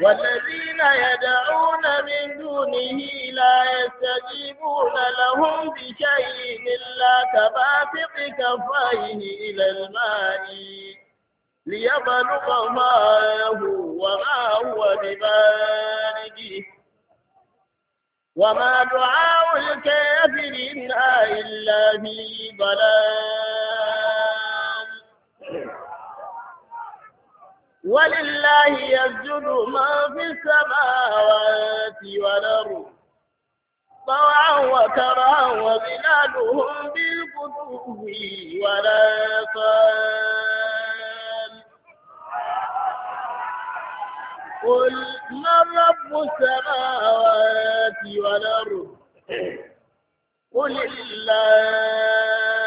والذين يدعون من دونه لا يستجيبون لهم بشيء إلا كباسق كفيه إلى الماء ليبلغ ماءه وما هو ببارده وما دعاء الكافرين إلا في ضلال ولله يسجد ما في السماوات والأرض طوعا وبلادهم وظلالهم ولا يقال قل من رب السماوات والأرض قل الله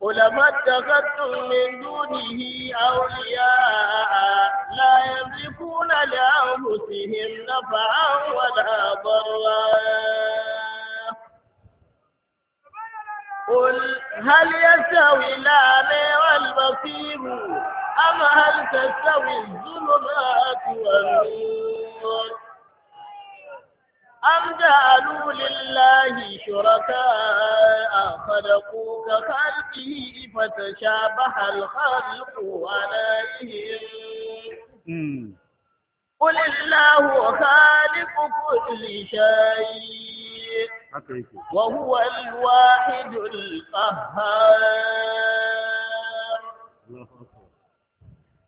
قل ما اتخذتم من دونه أولياء لا يملكون لأنفسهم نفعا ولا ضرا قل هل يستوي الأعمى والبصير أم هل تستوي الظلمات والنور أم جعلوا لله شركاء خلقوا كخلقه فتشابه الخلق عليهم قل الله خالق كل شيء وهو الواحد القهار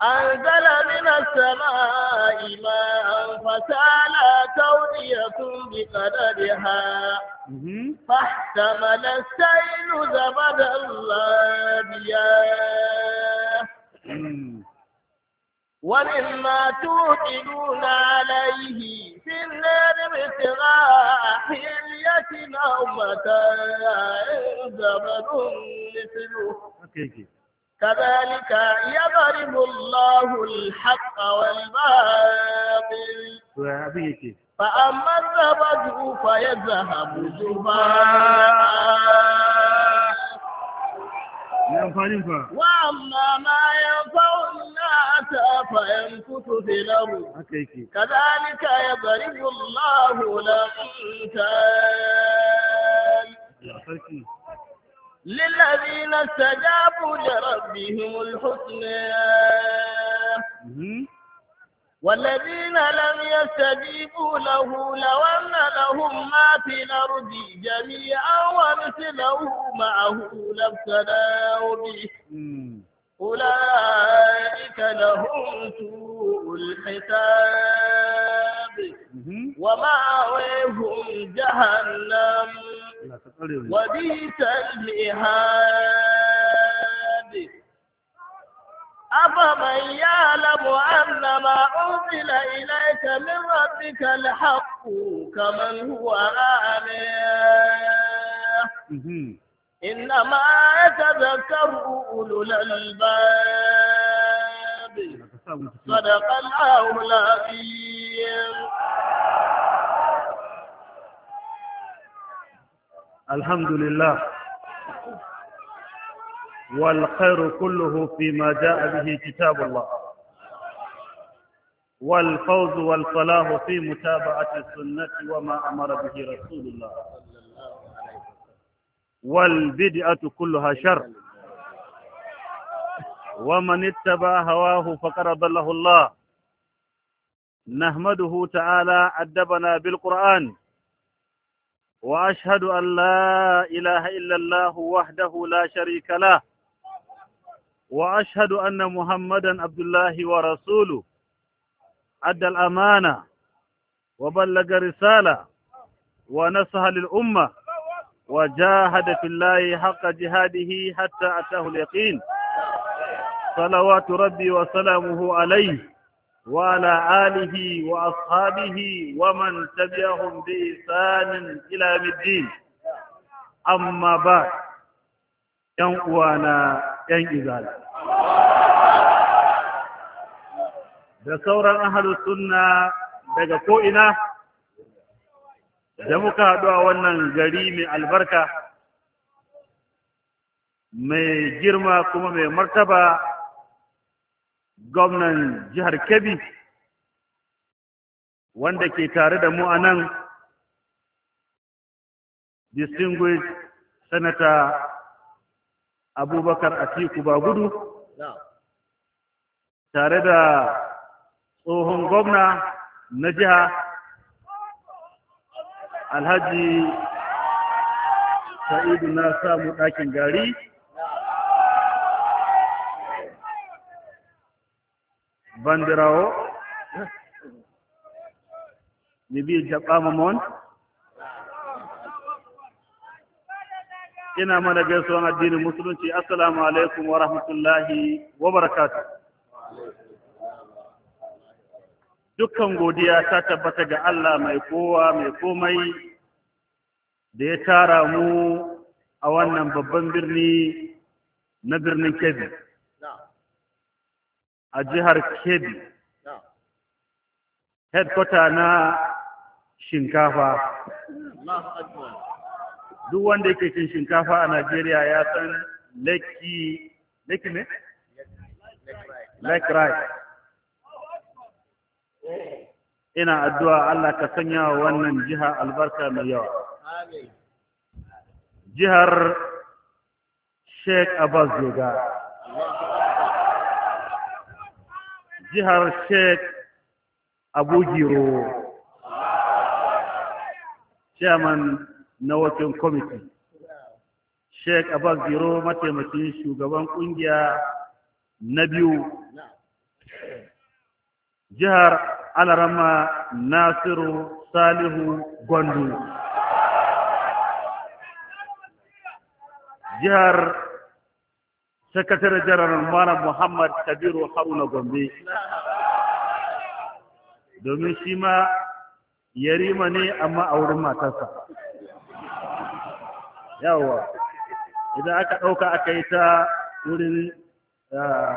أنزل من السماء ماء فسال تودية بقدرها فاحتمل السيل زبد لابيا ومما توكلون عليه في النار ابتغاء حلية أو متاع زبد مثله كذلك يضرب الله الحق والباطل فأما الزبد فيذهب زبا وأما ما ينفع الناس فيمكث في الأرض كذلك يضرب الله الأمثال للذين استجابوا لربهم الحسنى والذين لم يستجيبوا له لو أن لهم ما في الأرض جميعا ومثله معه لابتلاوا به أولئك لهم سوء الحساب ومأويهم جهنم وبئس المهاد أفمن يعلم أن ما أنزل إليك من ربك الحق كمن هو آمن إنما يتذكر أولو الألباب صدق الله العظيم الحمد لله والخير كله فيما جاء به كتاب الله والفوز والصلاح في متابعة السنة وما أمر به رسول الله والبدعة كلها شر ومن اتبع هواه فقد ضله الله نحمده تعالى أدبنا بالقرآن وأشهد أن لا إله إلا الله وحده لا شريك له وأشهد أن محمدا عبد الله ورسوله أدى الأمانة وبلغ رسالة ونصح للأمة وجاهد في الله حق جهاده حتى أتاه اليقين صلوات ربي وسلامه عليه وعلى آله وأصحابه ومن تبعهم بإحسان إلى يوم الدين أما بعد ‘yan uwana ‘yan izala. da sauran ahalus sunna daga ko'ina da muka haɗu a wannan gari mai albarka mai girma kuma mai martaba gwamnan jihar kebbi wanda ke tare da mu a nan distinguished senator abubakar atiku bagudu tare da tsohon gwamna na jiha alhaji sa'idu na samu ɗakin gari bandirawo biyu jaɓa mamon ina mana gaisuwan addinin musulunci assalamu alaikum wa rahmatullahi wa barakatuh dukkan godiya ta tabbata ga Allah mai kowa mai komai da ya tara mu a wannan babban birni na birnin Kebbi a jihar Kebbi headquarter na shinkafa duk wanda yake cin shinkafa a Najeriya ya san Lekki Lekki ne? Lekki Rice ina addu'a Allah ka sanya wa wannan jiha albarka mai yawa jihar Sheikh Abbas Joga jihar Sheikh Abu Giro chairman na working committee Sheikh Abbas Giro mataimakin shugaban ƙungiya na biyu jihar alarama nasiru salihu gwandu jihar sakatare jiharar mana muhammad kabiru haruna gombe domin shi ma yarima ne amma a wurin matarsa yawa idan aka ɗauka aka yi ta wurin ah,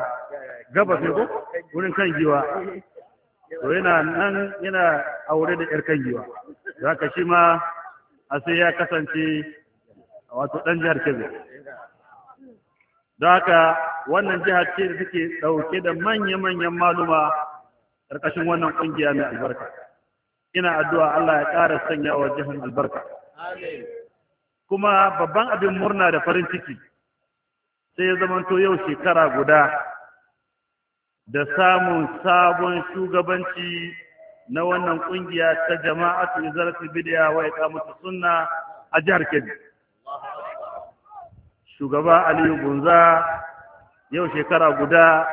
gaba ko wurin kan giwa to yana nan yana aure da 'yar kangiwa za ka shi ma a sai ya kasance wato ɗan jihar kebbi da haka wannan jihar ce da take ɗauke da manya-manyan maluma ƙarƙashin wannan ƙungiya mai albarka ina addu'a Allah ya ƙara sanya wa jihar albarka kuma babban abin murna da farin ciki sai ya zamanto yau shekara guda da samun sabon shugabanci na wannan kungiya ta jama'atu izalatul bid'a wa iqamatu sunna a jihar Kebbi shugaba Aliyu Gunza yau shekara guda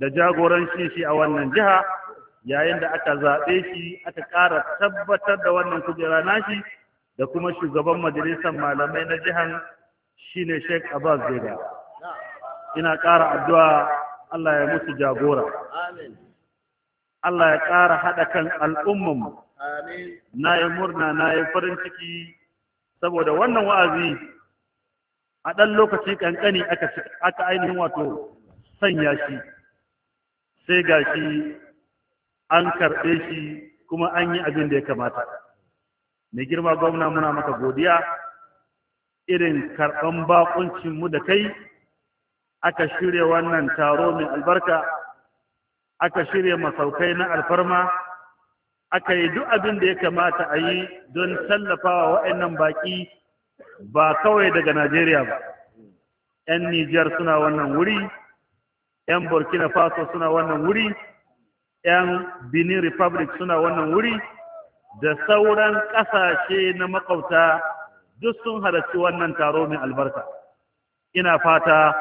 da jagoranci shi a wannan jiha yayin da aka zaɓe shi aka ƙara tabbatar da wannan kujera nashi da kuma shugaban majalisar malamai na jihar shine Sheikh Abbas Zega ina ƙara addu'a Allah ya mutu jagora Allah ya ƙara haɗa kan al'ummanmu na yi murna na yi farin ciki saboda wannan wa'azi a ɗan lokaci ƙanƙani aka ainihin wato sanya shi sai ga shi an karɓe shi kuma an yi abin da ya kamata mai girma gwamna muna maka godiya irin karɓan baƙuncinmu da kai aka shirya wannan taro mai albarka aka shirya masaukai na alfarma aka yi duk abin da ya kamata a yi don tallafawa wa'annan baƙi ba kawai daga Najeriya ba. 'Yan Nijar suna wannan wuri, 'yan Burkina Faso suna wannan wuri, 'yan Benin Republic suna wannan wuri, da sauran ƙasashe na makwabta duk sun halarci wannan taro mai albarka. Ina fata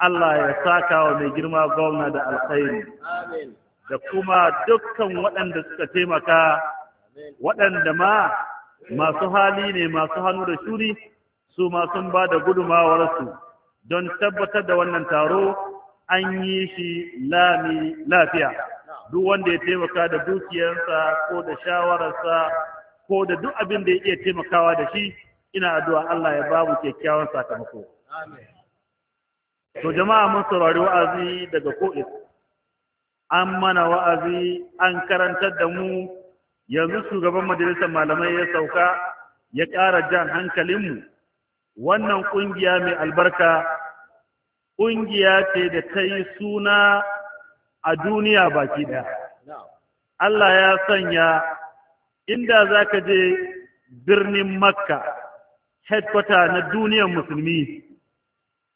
Allah ya saka wa mai girma gwamna da alkhairi da kuma dukkan waɗanda suka taimaka waɗanda ma masu hali ne masu hannu da shuri su ma ba da gudumawarsu don tabbatar da wannan taro an yi shi lami lafiya duk wanda ya taimaka da dukiyarsa ko da shawararsa ko da duk abin da ya iya taimakawa da shi ina addu'a Allah ya babu kyakkyawan sakamako to jama'a mun saurari wa'azi daga ko'is an mana wa'azi an karantar da mu yanzu shugaban majalisar malamai ya sauka ya ƙara jan hankalinmu wannan ƙungiya mai albarka ƙungiya ce da ta yi suna a duniya baki ɗaya Allah ya sanya inda za ka je birnin makka headquarter na duniyar musulmi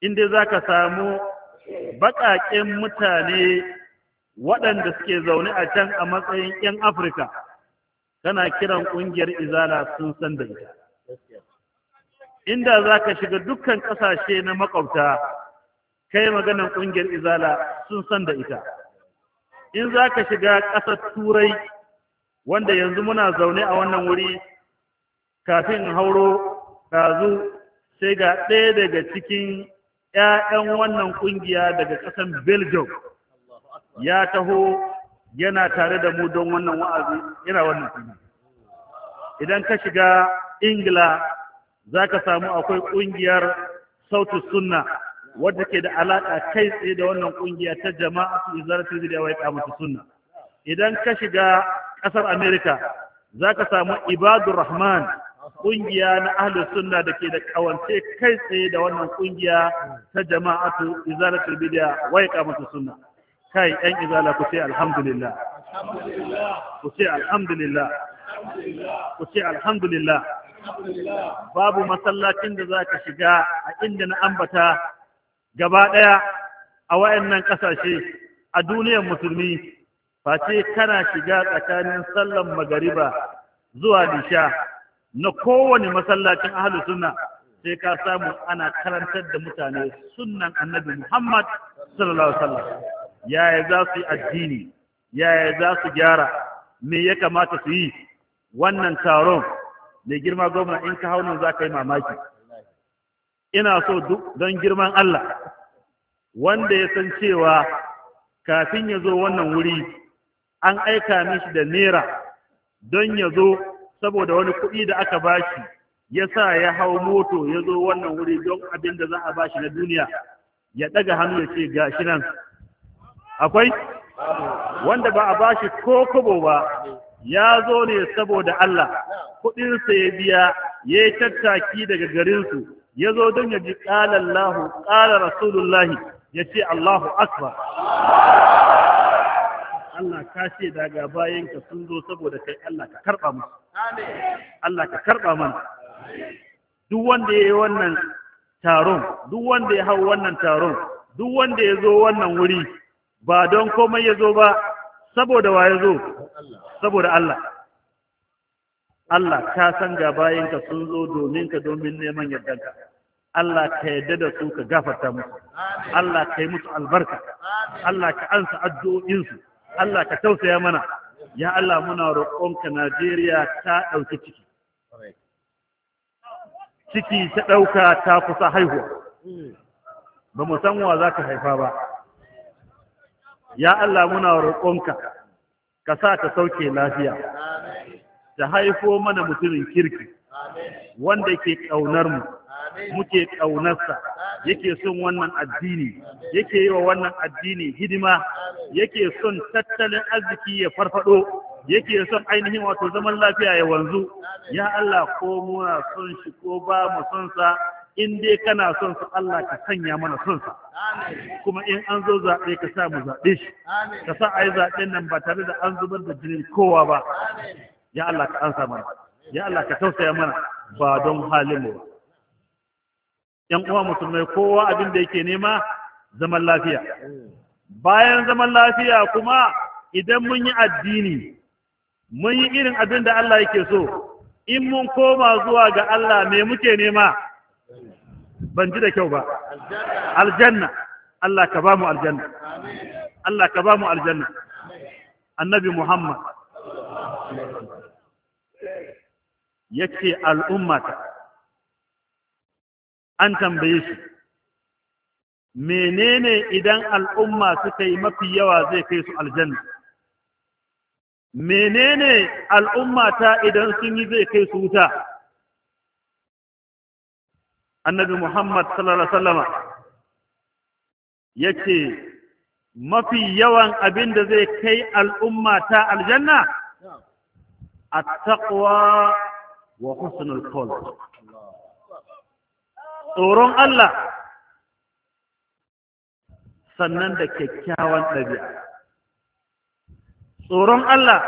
in dai za ka samu baƙaƙen mutane waɗanda suke zaune a can a matsayin 'yan afirka kana kiran ƙungiyar izala sun san da ita inda za ka shiga dukkan ƙasashe na makwabta kai maganan ƙungiyar izala sun san da ita in za ka shiga ƙasar turai wanda yanzu muna zaune a wannan wuri kafin hauro ɗazu sai ga ɗaya daga cikin 'ya'yan wannan ƙungiya daga ƙasan belgium ya taho yana tare da mu don wannan wa'azi yana wannan ƙungiya idan ka shiga ingila za ka samu akwai ƙungiyar sautu sunna wadda ke da alaƙa kai tsaye da wannan ƙungiya ta jama'a su izaratu da wai kamata sunna idan ka shiga ƙasar Amerika, za ka samu ibadur rahman kungiya na ahlus sunna da ke da kawance kai tsaye da wannan kungiya ta jama'atu izalatul bid'a wa iqamatus sunna kai yan izala ku ce alhamdulillah ku ce alhamdulillah ku ce alhamdulillah babu masallacin da zaka shiga a inda na ambata gaba daya a wayannan kasashe a duniyar musulmi face kana shiga tsakanin sallan magariba zuwa lisha na kowane masallacin ahalu sunna sai ka samu ana karantar da mutane sunnan annabi Muhammad sallallahu alaihi wasallam yaya za su yi addini yaya za su gyara me ya kamata su yi wannan taron mai girma gwamna in ka haunin za ka yi mamaki ina so duk don girman Allah wanda ya san cewa kafin ya zo wannan wuri an aika mishi da nera don ya zo saboda wani kuɗi da aka ba shi ya sa ya hau moto ya zo wannan wuri don abin da za a ba shi na duniya ya ɗaga hannu ya ce ga shi nan akwai wanda ba a bashi ko kobo ba ya zo ne saboda Allah kuɗinsa ya biya ya yi tattaki daga garinsu ya zo don ya ji ƙalallahu ƙala rasulullahi ya ce Allahu akbar Allah ka ce daga bayan ka sun zo saboda kai Allah ka karba musu Allah ka karba mana duk wanda ya yi wannan taron duk wanda ya hau wannan taron duk wanda ya zo wannan wuri ba don komai ya zo ba saboda wa ya zo saboda Allah Allah ka san ga bayan ka sun zo domin ka domin neman yardanka Allah ka yarda da su ka gafarta musu Allah ka yi musu albarka Allah ka ansa addu'o'insu Allah ka tausaya mana ya Allah muna roƙonka Najeriya ta ɗauki ciki ciki ta ɗauka ta kusa haihuwa ba mu san wa za ka haifa ba ya Allah muna roƙonka ka sa ta sauke lafiya ta haifo mana mutumin kirki wanda ke ƙaunar mu muke ƙaunarsa yake son wannan addini yake yi wa wannan addini hidima yake son tattalin arziki ya farfado yake son ainihin wato zaman lafiya ya wanzu ya Allah ko muna son shi ko ba mu son sa in dai kana son sa Allah ka sanya mana son sa kuma in an zo zaɓe ka sa mu zaɓe shi ka sa ayi zaɓen nan ba tare da an zubar da jinin kowa ba ya Allah ka ansa mana ya Allah ka tausaya mana ba don halin mu Ƴan uwa musulmai kowa abin da yake nema zaman lafiya bayan zaman lafiya kuma idan mun yi addini mun yi irin abin da Allah yake so in mun koma zuwa ga Allah me muke nema ban ji da kyau ba aljanna Allah ka ba aljanna Allah ka ba aljanna annabi Muhammad yake al'ummata an tambaye shi menene idan al'umma suka yi mafi yawa zai kai su aljanna menene al'umma ta idan sun yi zai kai su wuta annabi muhammad sallallahu alaihi wasallama yace mafi yawan abin da zai kai al'umma ta aljanna at-taqwa wa husnul khuluq tsoron Allah sannan da kyakkyawan ɗabi'a tsoron Allah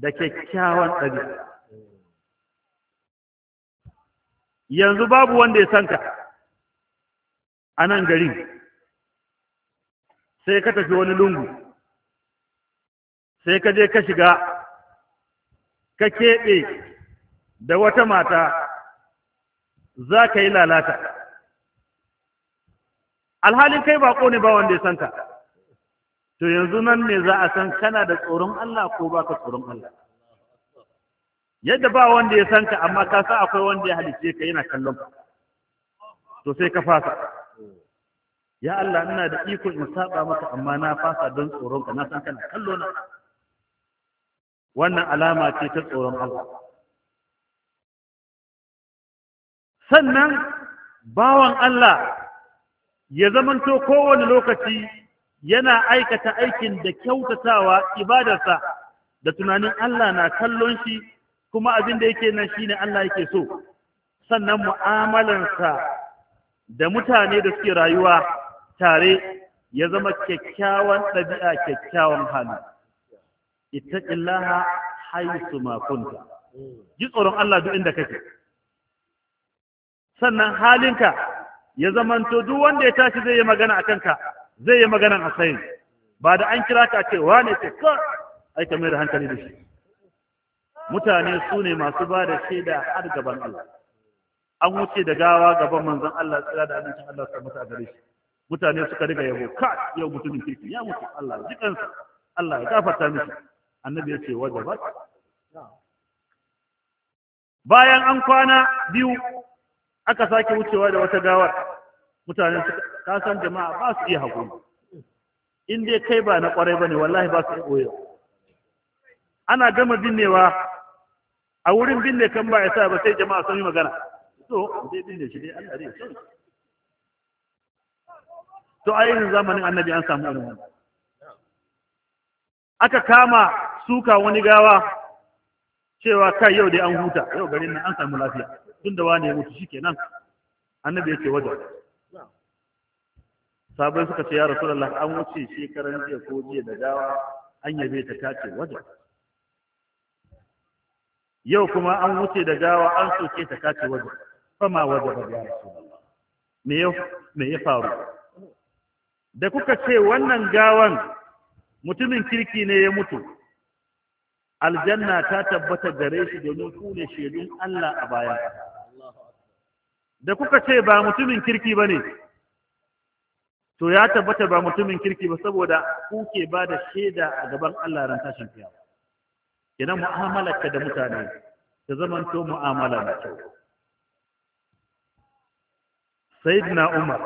da kyakkyawan ɗabi'a yanzu babu wanda ya sanka a nan garin sai ka tafi wani lungu sai ka je ka shiga ka keɓe da wata mata za ka yi lalata alhalin kai bako ne ba wanda ya santa to yanzu nan ne za a san kana da tsoron Allah ko ba ka tsoron Allah yadda ba wanda ya sanka amma ka san akwai wanda ya halice ka yana kallon ka to sai ka fasa ya Allah ina da iko in saba maka amma na fasa don tsoron ka na san kana kallo na wannan alama ce ta tsoron Allah sannan bawan Allah ya zamanto kowane lokaci yana aikata aikin da kyautatawa ibadarsa da tunanin Allah na kallon shi kuma abin da yake nan shine Allah yake so sannan mu'amalarsa da mutane da suke rayuwa tare ya zama kyakkyawan ɗabi'a kyakkyawan hali ittaqillaha haythu ma kunta ji tsoron Allah duk inda kake sannan halinka ya zamanto duk wanda ya tashi zai yi magana a kanka zai yi magana a sayin ba da an kira ka ce wane ce ka ai ka mai da hankali da shi mutane su ne masu ba da shaida har gaban Allah an wuce da gawa gaban manzon Allah tsira da abincin Allah su mutu a gare shi mutane suka riga yabo ka ya mutumin kirki ya mutu Allah ya jikansa Allah ya gafarta mishi annabi ya ce wajabat bayan an kwana biyu aka sake wucewa da wata gawar mutane ka san jama'a ba su iya haƙuri in dai kai ba na ƙwarai ba ne wallahi ba su iya ana gama binnewa a wurin binne kan ba ya sa ba sai jama'a sun yi magana so dai binne shi dai Allah ya to a irin zamanin annabi an samu irin aka kama suka wani gawa cewa kai yau dai an huta yau garin nan an samu lafiya tun da wane mutu shi kenan annabi yake wajen sabai suka ce ya rasulallah an wuce shekaran jiya ko jiya da gawa an yabe ta tace wajen yau kuma an wuce da gawa an soke ta kace waje fama waje ba ya rasulullah me ya me ya faru da kuka ce wannan gawan mutumin kirki ne ya mutu aljanna ta tabbata gare shi domin ku ne shaidun Allah a bayan da kuka ce ba mutumin kirki ba ne to ya tabbata ba mutumin kirki ba saboda kuke ba da shaida a gaban Allah ran tashin kiyama idan mu'amalarka da mutane ta zamanto mu'amala na kyau sayyidina umar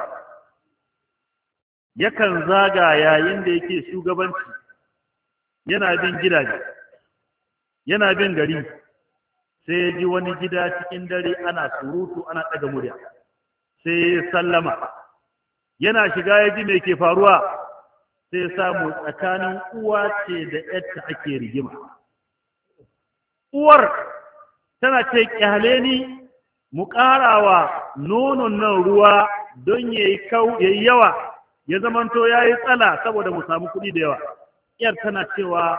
yakan zaga yayin da yake shugabanci yana bin gidaje yana bin gari sai ya ji wani gida cikin dare ana surutu ana ɗaga murya sai ya sallama yana shiga ya ji mai ke faruwa sai ya samu tsakanin uwa ce da yadda ake rigima uwar tana ce kyale ni mu ƙarawa nonon nan ruwa don ya yi yawa ya zamanto ya yi tsala saboda mu samu kuɗi da yawa yar tana cewa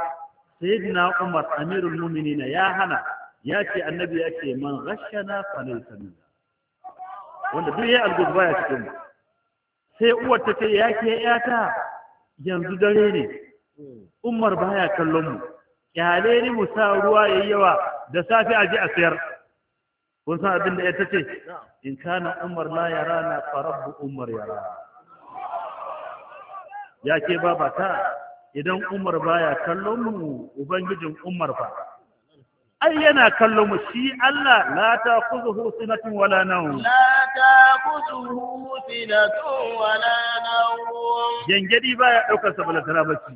sayyidina umar amirul muminina ya hana ya ce annabi ya ce man ghashana falaysa minna wanda duk yayi alguz baya cikin sai uwar ta ce ya ke yata yanzu dare ne umar baya kallon mu kyale ni mu sa ruwa yayi yawa da safe a je a sayar kun san abin da ya tace in kana umar la yarana fa rabbu umar yara? ya ke babata idan umar baya kallon mu ubangijin umar fa ai yana kallon mu shi Allah la ta kuzuhu sinatun wala nau la ta kuzuhu sinatun wala nau gengedi baya daukar sa bala tara bacci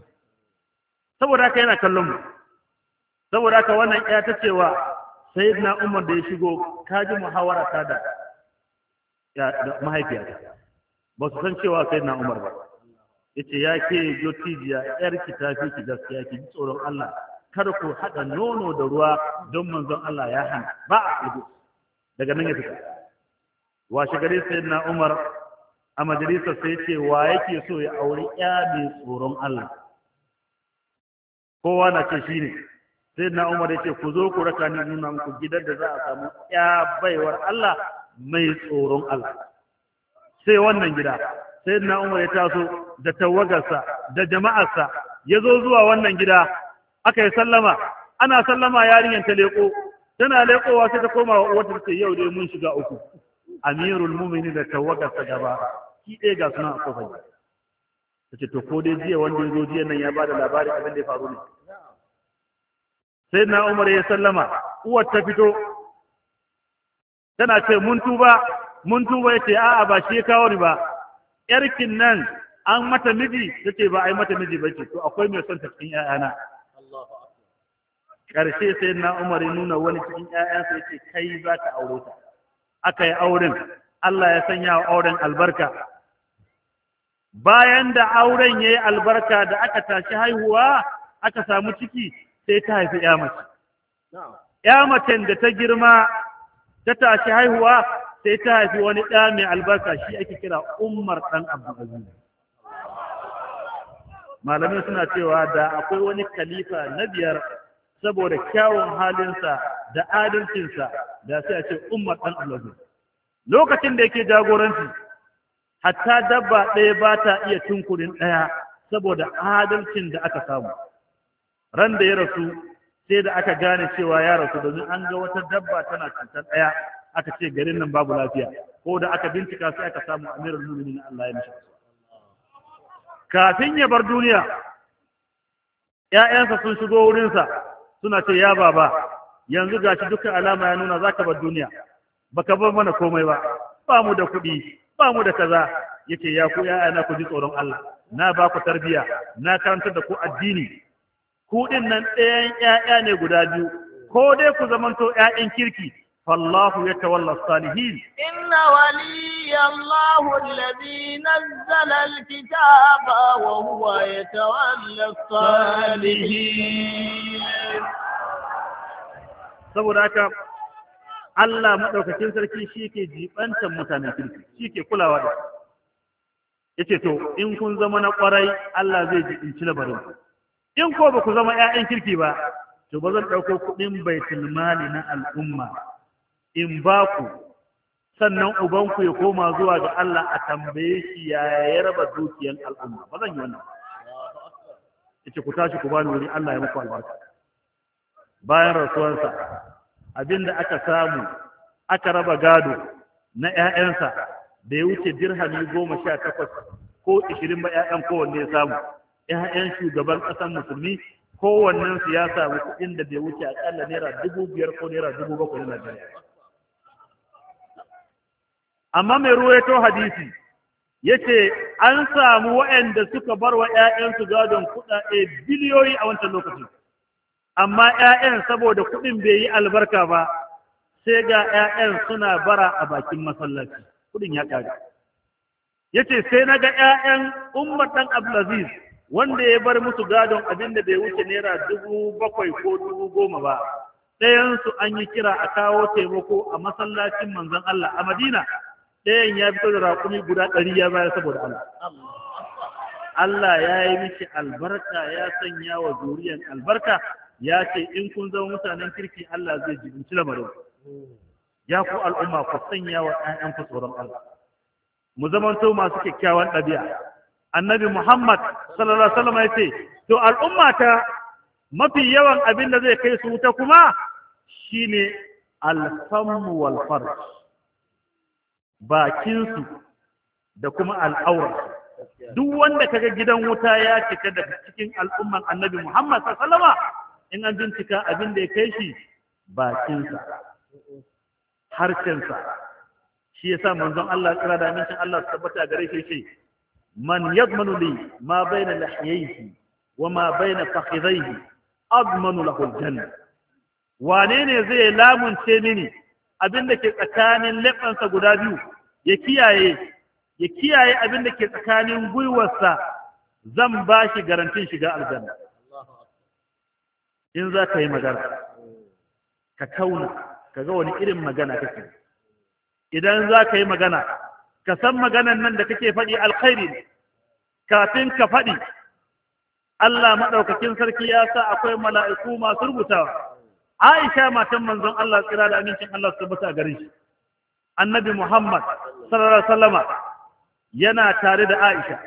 saboda haka yana kallon mu saboda haka wannan iya ta cewa sayyidina Umar da ya shigo kaji muhawara ta da mahaifiyata ba su san cewa sayyidina Umar ba yace ya ke jotijiya yar ki tafi ki gaskiya ki tsoron Allah kada ku haɗa nono da ruwa don manzon Allah ya hana ba a ido daga nan ya fita shi gari sai na Umar a majalisar sai ce wa yake so ya auri ya mai tsoron Allah kowa na ce shi ne sai na Umar ya ce ku zo ku raka ni nuna ku gidan da za a samu ya baiwar Allah mai tsoron Allah sai wannan gida sai na Umar ya taso da tawagarsa da jama'arsa ya zo zuwa wannan gida aka yi sallama ana sallama yarinyar ta leko tana lekowa sai ta koma wata ce yau dai mun shiga uku amirul mu'minin da tawagar ta gaba ki dai ga suna kofar ta ce to ko dai jiya wanda ya zo jiya nan ya ba da labari abin da ya faru ne sai na umar ya sallama uwar ta fito tana ce mun tuba mun tuba ya ce a'a ba shi ya kawo ni ba yarkin nan an mata miji ta ce ba a yi mata miji ba ce to akwai mai son ta cikin 'ya'yana ƙarshe sai na umar ya nuna wani cikin ƴaƴansa ya ce kai za ka aure ta aka yi auren Allah ya sanya wa auren albarka bayan da auren ya yi albarka da aka tashi haihuwa aka samu ciki sai ta haifi ƴa mace ƴa macen da ta girma ta tashi haihuwa sai ta haifi wani ɗa mai albarka shi ake kira Umar ɗan abdulaziz malamai suna cewa da akwai wani kalifa na biyar saboda kyawun halinsa da adalcinsa da sai a ce ummar ɗan alazu lokacin da yake jagoranci hatta dabba ɗaya ba ta iya tunkurin ɗaya saboda adalcin da aka samu ran da ya rasu sai da aka gane cewa ya rasu domin an ga wata dabba tana cutar ɗaya aka ce garin nan babu lafiya ko da aka bincika sai aka samu amirul mu'minin Allah ya mishi kafin ya bar duniya ‘ya'yansa sun shigo wurinsa suna ce ya baba yanzu gashi dukkan alama ya nuna zaka bar duniya baka bar mana komai ba ba mu da kuɗi ba mu da kaza yace ya ku ya'ya na ku ji tsoron Allah na ba ku tarbiya na karanta da ku addini ku din nan ɗayan 'ya'ya ne guda biyu ko dai ku zamanto 'ya'yan kirki فالله يتولى الصالحين إن ولي الله الذي نزل الكتاب وهو يتولى الصالحين saboda haka Allah madaukakin sarki shi ke jibantan mutanen kirki shi ke kulawa da su yace to in kun zama na kwarai Allah zai jibinci labarin in ko baku zama 'ya'yan kirki ba to ba zan ɗauko kuɗin bai mali na al'umma in ba ku sannan ubanku ya koma zuwa ga Allah a tambaye shi ya raba dukiyar al'umma ba zan yi wannan ce ku tashi ku bani wuri Allah ya muku albarka bayan rasuwansa abinda aka samu aka raba gado na ƴaƴansa da ya wuce dirhami goma sha takwas ko ishirin ba ƴaƴan kowanne ya samu ƴaƴan shugaban ƙasar musulmi kowannen su ya samu kuɗin da bai wuce aƙalla naira dubu biyar ko naira dubu bakwai na Najeriya amma mai ruwaito hadisi yace an samu waɗanda suka bar wa ‘ya'yansu gadon kuɗaɗe biliyoyi a wancan lokacin amma ‘ya'yan saboda kuɗin bai yi albarka ba sai ga ‘ya'yan suna bara a bakin masallaci kuɗin ya ƙare yace sai na ga ‘ya'yan ummatan ɗan abdulaziz wanda ya bar musu gadon abin da bai wuce naira dubu bakwai ko dubu goma ba ɗayansu an yi kira a kawo taimako a masallacin manzon Allah a Madina ɗayan ya fito da raƙumi guda ɗari ya bayar saboda Allah Allah ya yi miki albarka ya sanya wa zuriyan albarka ya ce in kun zama mutanen kirki Allah zai jibinci lamarin ya ku al'umma ku sanya wa ɗayan ku tsoron Allah mu zamanto masu kyakkyawan ɗabi'a annabi Muhammad sallallahu alaihi wasallam ya ce to al'umma ta mafi yawan abin da zai kai su wuta kuma shine al-famu wal farj bakinsu da kuma al'aurarsu duk wanda kaga gidan wuta ya cika daga cikin al'umman annabi Muhammad sallama in an bincika abin da ya kai shi bakinsa harshensa shi yasa manzon Allah kira da mincin Allah tabbata gare shi ce man yadmanu li ma baina lahiyaihi wa ma baina fakhidhaihi admanu lahu aljanna wane ne zai lamunce mini abin da ke tsakanin leɓansa guda biyu ya kiyaye ya kiyaye abin da ke tsakanin gwiwarsa zan ba shi garantin shiga aljanna in za ka yi magana ka tauna ka ga wani irin magana kake idan za ka yi magana ka san maganan nan da kake faɗi alkhairi ne kafin ka faɗi Allah maɗaukakin sarki ya sa akwai mala'iku masu rubutawa Aisha matan manzon Allah tsira da amincin Allah su tabbata a gare shi annabi Muhammad sallallahu alaihi wasallama yana tare da Aisha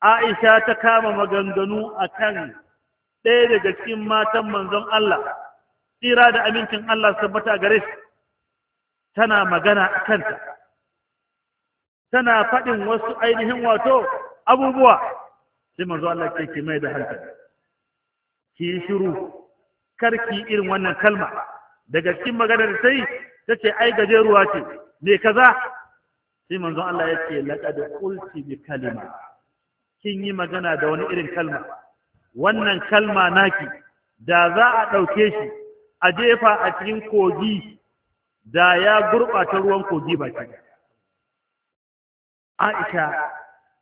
Aisha ta kama maganganu akan ɗaya daga cikin matan manzon Allah tsira da amincin Allah su tabbata a gare shi tana magana a kanta tana faɗin wasu ainihin wato abubuwa sai manzo Allah ke ki mai da hankali ki shiru karki irin wannan kalma daga cikin maganar da ta yi ta ce ai gajeruwa ce me kaza sai manzon Allah ya ce laqad qulti bi kalima kin yi magana da wani irin kalma wannan kalma naki da za a ɗauke shi a jefa a cikin kogi da ya gurɓata ruwan kogi baki Aisha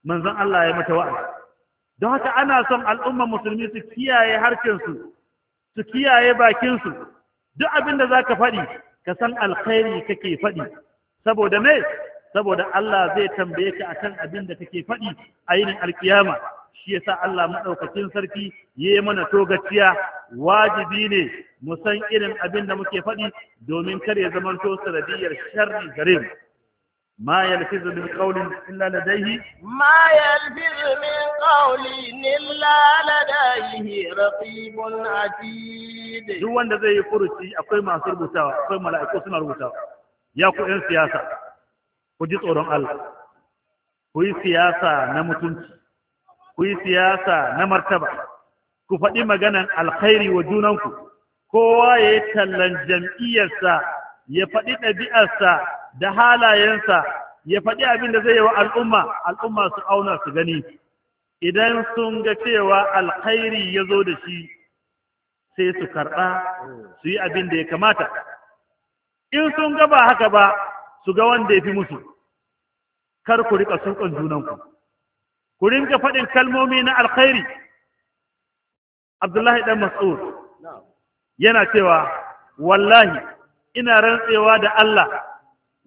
manzon Allah ya mata wa'azi don haka ana son al'ummar musulmi su kiyaye harkensu su kiyaye bakinsu duk abin da za ka faɗi ka san alkhairi kake faɗi saboda me saboda Allah zai tambaye ka akan abin da kake faɗi a yinin alkiyama shi yasa Allah maɗaukacin sarki ya yi mana togaciya wajibi ne mu san irin abin da muke faɗi domin kar ya zamanto sanadiyar sharri gare mu ما يلفظ من قول إلا لديه ما يلفظ من قول إلا duk wanda zai yi furuci akwai masu rubutawa akwai mala'iku suna rubutawa ya ku siyasa ku ji tsoron Allah siyasa na mutunci siyasa na martaba ku faɗi maganan alkhairi wa junanku kowa ya yi tallan jam'iyyarsa ya faɗi ɗabi'arsa da halayensa ya faɗi abin da zai yi wa al'umma al'umma su auna su gani idan sun ga cewa alkhairi ya zo da shi sai su karɓa su yi abin da ya kamata in sun ga ba haka ba su ga wanda ya fi musu kar ku riƙa sukan junanku ku rinka faɗin kalmomi na alkhairi abdullahi Dan mas'ud yana cewa wallahi ina rantsewa da Allah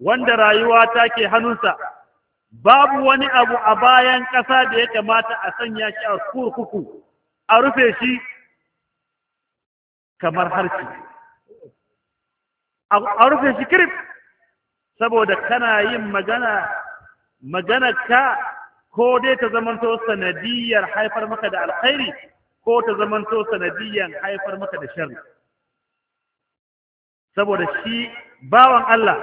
wanda rayuwa ta ke hannunsa babu wani abu a bayan ƙasa da ya kamata a sanya shi a kurkuku a rufe shi kamar harshe a rufe shi kirif saboda kana yin magana magana ka ko dai ta zamanto sanadiyar haifar maka da alkhairi ko ta zamanto sanadiyar haifar maka da sharri saboda shi bawan Allah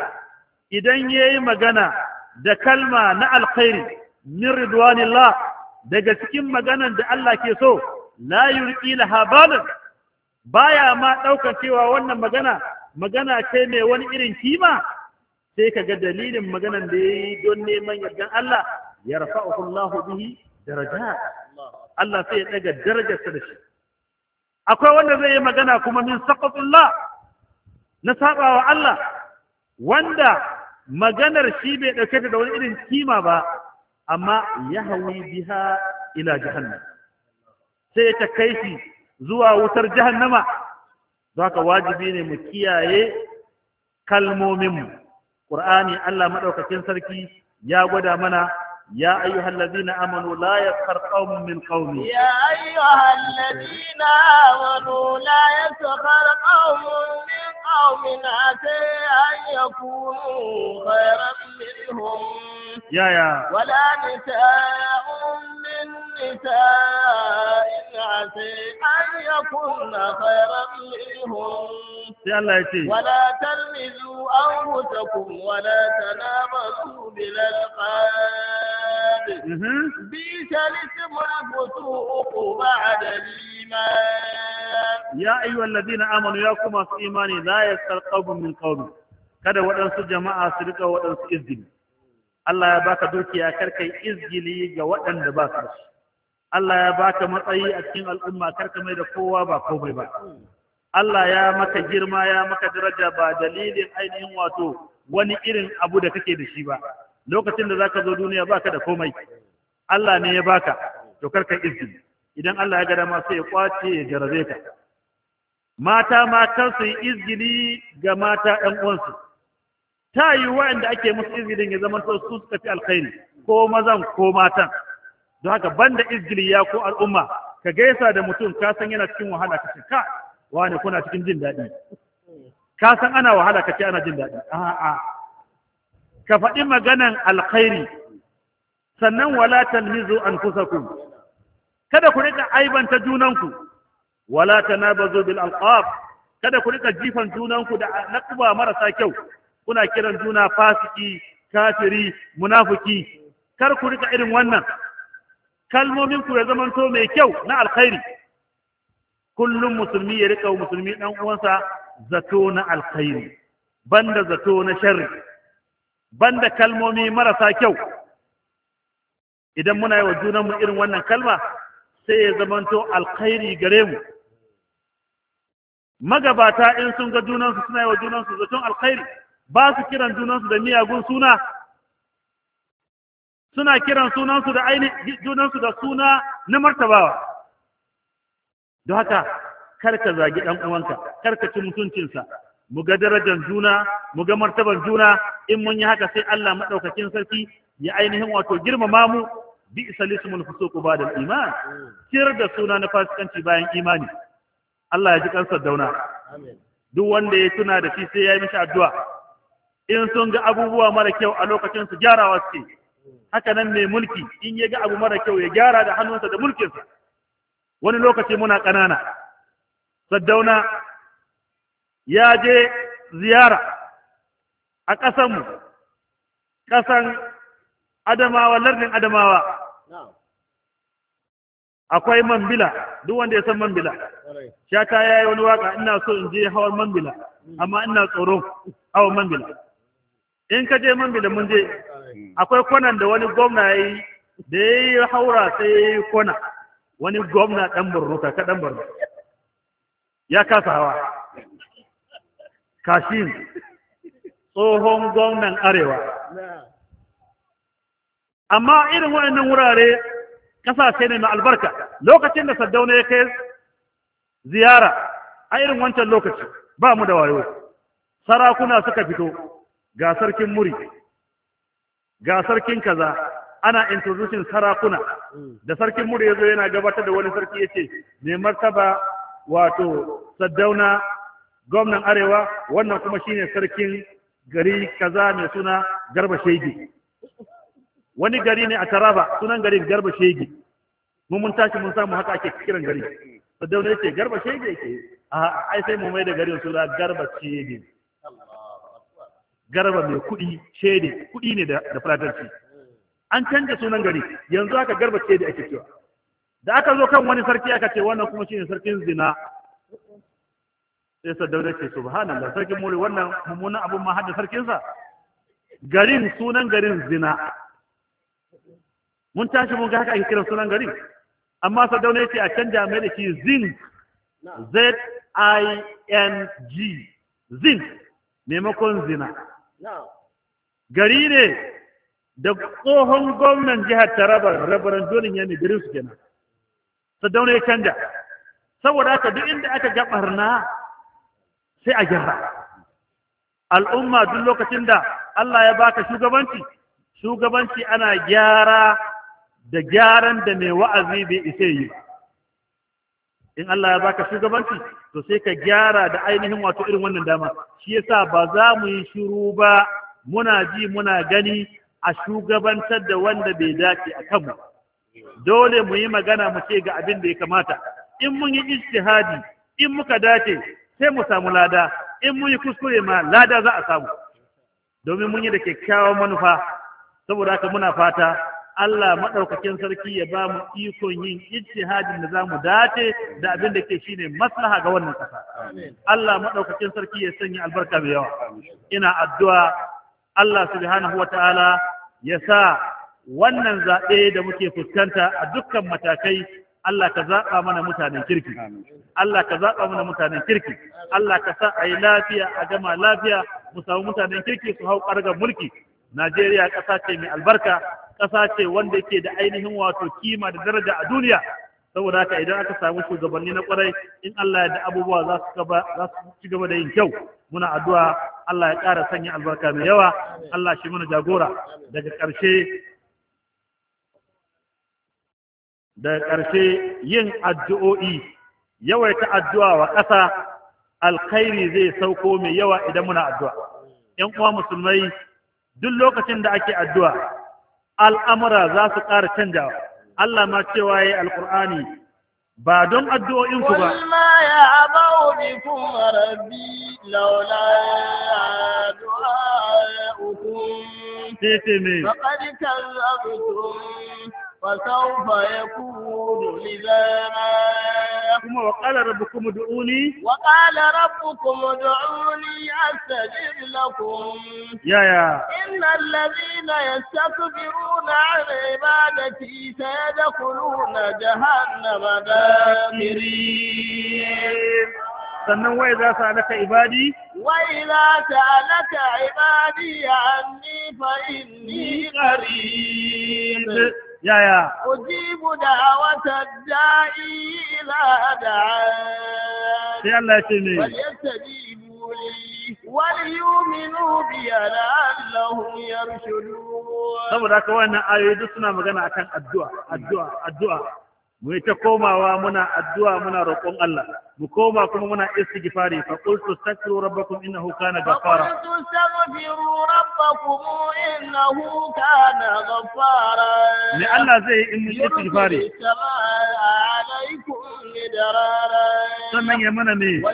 idan ya yi magana da kalma na alkhairi min ridwanillah daga cikin maganan da Allah ke so la yurqi laha balan baya ma daukar cewa wannan magana magana ce mai wani irin kima sai kaga dalilin maganan da yayi don neman yardan Allah yarfa'uhu Allah bihi darajat Allah sai ya daga darajarsa da shi akwai wanda zai yi magana kuma min saqatullah na sabawa Allah wanda maganar shi bai ɗauke da wani irin kima ba amma ya hawi biha ila jahannam sai ta kai shi zuwa wutar jahannama don haka wajibi ne mu kiyaye kalmominmu ƙur'ani Allah maɗaukakin sarki ya gwada mana يا أيها الذين آمنوا لا يسخر قوم من قوم يا أيها الذين آمنوا لا يسخر قوم من قوم عسى أن يكونوا خيرا منهم يا يا ولا نساء من نساء عسى أن يكون خيرا منهم ولا تل أنفسكم ولا تنابزوا بالألقاب بئس الاسم الفسوق بعد الإيمان يا أيها الذين آمنوا يا كما في إيماني لا يسأل قوم من قوم kada waɗansu jama'a su rika waɗansu izgili Allah ya baka dukiya karkai izgili ga waɗanda ba su Allah ya baka matsayi a cikin al'umma karka mai da kowa ba komai ba Allah ya maka girma ya maka daraja ba dalilin ainihin wato wani irin abu da kake da shi ba lokacin da zaka zo duniya baka da komai Allah ne ya baka to karka izini idan Allah ya ga dama sai ya kwace ya jarabe ka mata ma su yi izini ga mata ɗan uwansu ta yi wa'anda ake musu izinin ya zama to su suka fi alkhairi ko mazan ko matan don haka banda izgili ya ko al'umma ka gaisa da mutum ka san yana cikin wahala ka ce ka wani kuna cikin jin daɗi ka san ana wahala ka ce ana jin daɗi a'a ka faɗi maganan alkhairi sannan wala talmizu anfusakum kada ku rika aibanta junanku wala tanabazu bil alqab kada ku rika jifan junanku da naquba marasa kyau kuna kiran juna fasiki kafiri munafiki kar ku rika irin wannan kalmomin ku ya zamanto mai kyau na alkhairi kullum musulmi ya rika musulmi dan uwansa zato na alkhairi banda zato na sharri banda kalmomi marasa kyau idan muna yi wa junanmu irin wannan kalma sai ya zamanto alkhairi gare mu magabata in sun ga junansu suna yi wa junansu zaton alkhairi ba su kiran junansu da miyagun suna suna kiran sunansu da ainihin junansu da suna na martabawa don haka kar ka zagi ɗan uwanka kar ka ci mutuncinsa mu ga darajar juna mu ga martabar juna in mun yi haka sai Allah madaukakin sarki ya ainihin wato girmama mu bi isalismul ba da iman kir da suna na fasikanci bayan imani Allah ya ji kansa dauna duk wanda ya tuna da shi sai ya yi mishi addu'a in sun ga abubuwa mara kyau a lokacin su gyarawa suke haka nan mai mulki in ya ga abu mara kyau ya gyara da hannunsa da mulkinsa wani lokaci muna ƙanana saddauna ya je ziyara a ƙasanmu ƙasan adamawa lardin adamawa akwai mambila duk wanda ya san mambila shata ya yi wani waka ina so in je hawan mambila mm. amma ina tsoron hawan mambila in ka je mambila mun je akwai kwanan da wani gwamna ya yi da ya yi haura sai ya yi kwana wani gwamna ɗan borno ka ɗan ya kasa hawa kashin tsohon gwamnan arewa amma irin waɗannan wurare ƙasashe ne na albarka lokacin da saddauna ya kai ziyara a irin wancan lokaci ba mu da wayo sarakuna suka fito ga sarkin muri ga sarkin kaza ana introducing sarakuna hmm. da sarkin mura ya zo yana gabatar da wani sarki ya ce mai martaba wato saddauna gwamnan arewa wannan kuma shine sarkin gari kaza mai suna garba shege wani gari ne a taraba sunan garin garba shege mun mun tashi mun samu haka ake kiran gari saddauna ya ce garba shege yake a ai sai mu mai da garin suna garba shege garba mai kuɗi shede kuɗi ne da fulatanci an canza sunan gari yanzu aka garbace da ake cewa da aka zo kan wani sarki aka ce wannan kuma shine sarkin zina sai saddauna ce subhanallah sarkin mori wannan mummunan abun ma hadda sarkinsa garin sunan garin zina mun tashi mun ga haka ake kiran sunan garin amma saddauna ya ce a canja mai da shi zin z i n g zin maimakon zina gari ne da tsohon gwamnan jihar Taraba rabaran dolin ya nigiri su kenan sadauna ya canja saboda haka duk inda aka ga barna sai a gyara al'umma duk lokacin da Allah ya baka shugabanci shugabanci ana gyara da gyaran da mai wa'azi bai isa yi in Allah ya baka shugabanci to sai ka gyara da ainihin wato irin wannan dama shi yasa ba za mu yi shiru ba muna ji muna gani a shugabantar da wanda bai dace a kanmu dole mu yi magana mu ce ga abin da ya kamata in mun yi ijtihadi in muka dace sai mu samu lada in mun yi kuskure ma lada za a samu domin mun yi da kyakkyawan manufa saboda haka muna fata Allah maɗaukakin sarki ya ba mu ikon yin ijtihadin da za mu dace da abin da ke shine maslaha ga wannan ƙasa. Allah maɗaukakin sarki ya sanya albarka mai yawa. Ina addu'a Allah subhanahu wa ta'ala ya sa wannan zaɓe da muke fuskanta a dukkan matakai Allah ka zaɓa mana mutanen kirki Allah ka zaɓa mana mutanen kirki Allah ka sa a yi lafiya a gama lafiya mu samu mutanen kirki su hau ƙargar mulki Najeriya ƙasa ce mai albarka ƙasa ce wanda ke da ainihin wato kima da daraja a duniya saboda haka idan aka samu shugabanni na kwarai in Allah ya da abubuwa za su za ci gaba da yin kyau muna addu'a Allah ya ƙara sanya albarka mai yawa Allah shi mana jagora daga ƙarshe daga ƙarshe yin addu'o'i yawaita addu'a wa ƙasa alkhairi zai sauko mai yawa idan muna addu'a ƴan uwa musulmai duk lokacin da ake addu'a al'amura za su ƙara canjawa Allah ma cewa yayi ba don addu'o'in ku ba ma ya abau bikum Rabi? laula du'a'ukum sai ce me faqad kazzabtum فسوف يكون لزاما وقال ربكم ادعوني وقال ربكم ادعوني استجب لكم يا يا ان الذين يستكبرون عن عبادتي سيدخلون جهنم داخرين sannan wai za su alaka ibadi? Wai za ta alaka ibadi a annifa inni yaya ujibu da'awata da'i ila da'a sai Allah ya ce ne وليؤمنوا bi لعلهم يرشدون saboda haka wannan ayoyi duk suna magana akan addu'a addu'a addu'a mu ta komawa muna addu'a muna roƙon Allah mu koma kuma muna istighfari fa qultu astaghfiru rabbakum innahu kana ghaffara qultu astaghfiru rabbakum innahu kana ghaffara ne Allah zai yi in mu istighfari alaikum sannan ya mana ne ma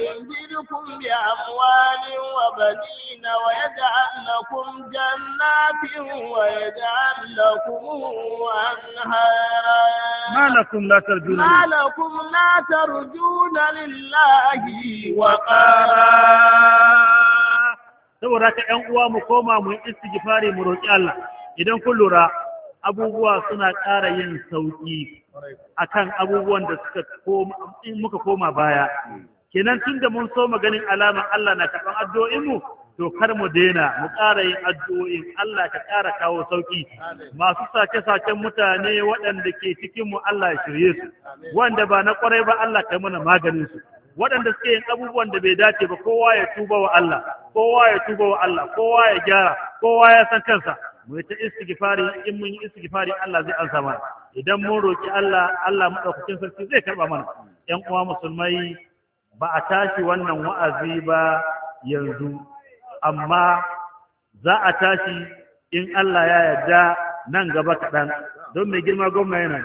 lakum la tarjuna ma kun la tarjuna lillahi wa qara saboda ka ƴan uwa mu koma mu yi istighfari mu roƙi Allah idan kun lura abubuwa suna ƙara yin sauƙi akan abubuwan da suka koma in muka koma baya kenan tunda mun so maganin alaman Allah na karɓan addu'o'in mu to kar mu daina mu ƙara yin addu'o'in Allah ka ƙara kawo sauki masu sace-sacen mutane waɗanda ke cikin mu Allah ya shirye su wanda ba na ƙwarai ba Allah ka mana maganin su waɗanda suke yin abubuwan da bai dace ba kowa ya tuba wa Allah kowa ya tuba wa Allah kowa ya gyara kowa ya san kansa mu yi ta istighfari in mun yi istighfari Allah zai ansa mana idan mun roki Allah Allah madaukakin sarki zai karba mana ƴan uwa musulmai ba a tashi wannan wa'azi ba yanzu amma za a tashi in Allah ya yarda nan gaba kaɗan don mai girma gwamna yana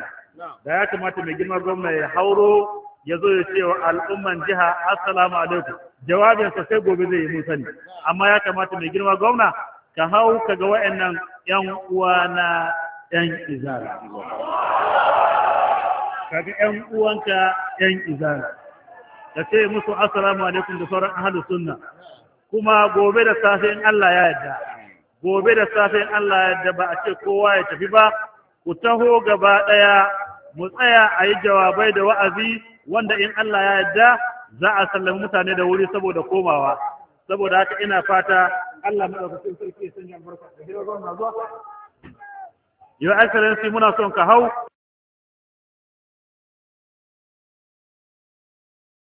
da ya kamata mai girma gwamna ya hauro ya zo ya ce wa al'umman jiha assalamu alaikum jawabinsa sai gobe zai yi mun amma ya kamata mai girma gwamna ka hau ka ga wa'annan yan uwa na ‘yan izara. Kaga ‘yan uwanka ‘yan izara. Ka ce musu asalamu alaikum da sauran ahalu sunna. Kuma gobe da safe in Allah ya yadda, Gobe da safe in Allah ya yadda ba a ce kowa ya tafi ba, ku taho gaba ɗaya mu tsaya a yi jawabai da wa'azi wanda in Allah ya yadda za a sallami mutane da wuri saboda komawa. Saboda haka ina fata Allah maɗaukakin sarki sun yi albarka da your excellency muna son ka hau